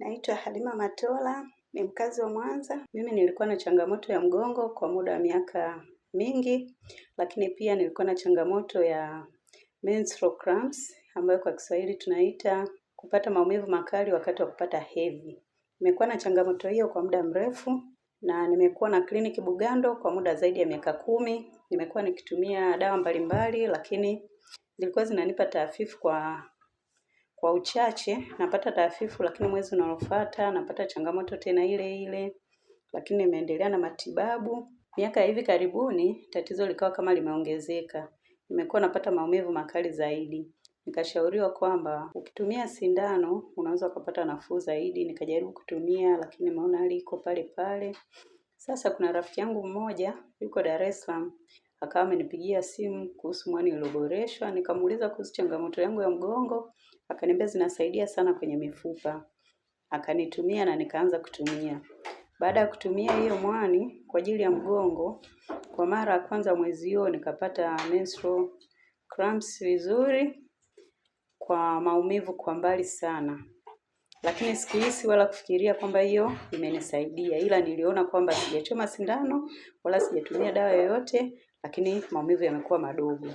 Naitwa Halima Matola, ni mkazi wa Mwanza. Mimi nilikuwa na changamoto ya mgongo kwa muda wa miaka mingi, lakini pia nilikuwa na changamoto ya menstrual cramps, ambayo kwa Kiswahili tunaita kupata maumivu makali wakati wa kupata hedhi. Nimekuwa na changamoto hiyo kwa muda mrefu na nimekuwa na kliniki Bugando kwa muda zaidi ya miaka kumi. Nimekuwa nikitumia dawa mbalimbali, lakini zilikuwa zinanipa taafifu kwa kwa uchache napata taafifu, lakini mwezi unaofuata napata changamoto tena ile ile, lakini nimeendelea na matibabu. Miaka ya hivi karibuni tatizo likawa kama limeongezeka, nimekuwa napata maumivu makali zaidi. Nikashauriwa kwamba ukitumia sindano unaweza ukapata nafuu zaidi. Nikajaribu kutumia, lakini nimeona hali iko pale pale. Sasa kuna rafiki yangu mmoja yuko Dar es Salaam akawa amenipigia simu kuhusu mwani ulioboreshwa. Nikamuuliza kuhusu changamoto yangu ya mgongo, akaniambia zinasaidia sana kwenye mifupa, akanitumia na nikaanza kutumia. Baada ya kutumia hiyo mwani kwa ajili ya mgongo, kwa mara ya kwanza mwezi huo nikapata menstrual cramps vizuri, kwa maumivu kwa mbali sana, lakini sikuhisi wala kufikiria kwamba hiyo imenisaidia, ila niliona kwamba sijachoma sindano wala sijatumia dawa yoyote, lakini maumivu yamekuwa madogo.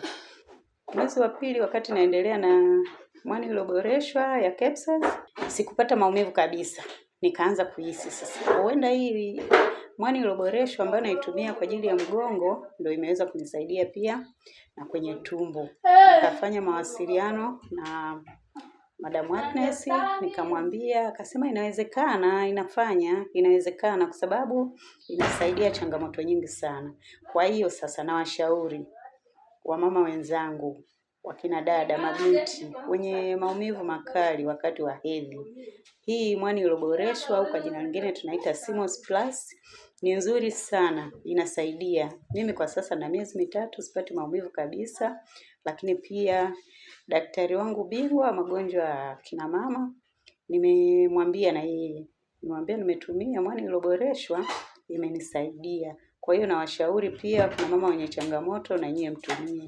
Mwezi wa pili, wakati naendelea na mwani ulioboreshwa ya Capsas, sikupata maumivu kabisa. Nikaanza kuhisi sasa, huenda hii mwani ulioboreshwa ambayo naitumia kwa ajili ya mgongo ndio imeweza kunisaidia pia na kwenye tumbo. Nikafanya mawasiliano na Madam Agnes nikamwambia, akasema inawezekana, inafanya inawezekana, kwa sababu inasaidia changamoto nyingi sana. Kwa hiyo sasa, nawashauri wamama wenzangu wakina dada, mabinti wenye maumivu makali wakati wa hedhi. Hii mwani iliyoboreshwa au kwa jina lingine tunaita Simos Plus ni nzuri sana, inasaidia. Mimi kwa sasa na miezi mitatu sipati maumivu kabisa, lakini pia daktari wangu bingwa magonjwa ya kina mama nimemwambia na yeye nimwambia, nimetumia mwani iliyoboreshwa imenisaidia. Kwa hiyo nawashauri pia kuna mama wenye changamoto, na nyie mtumie.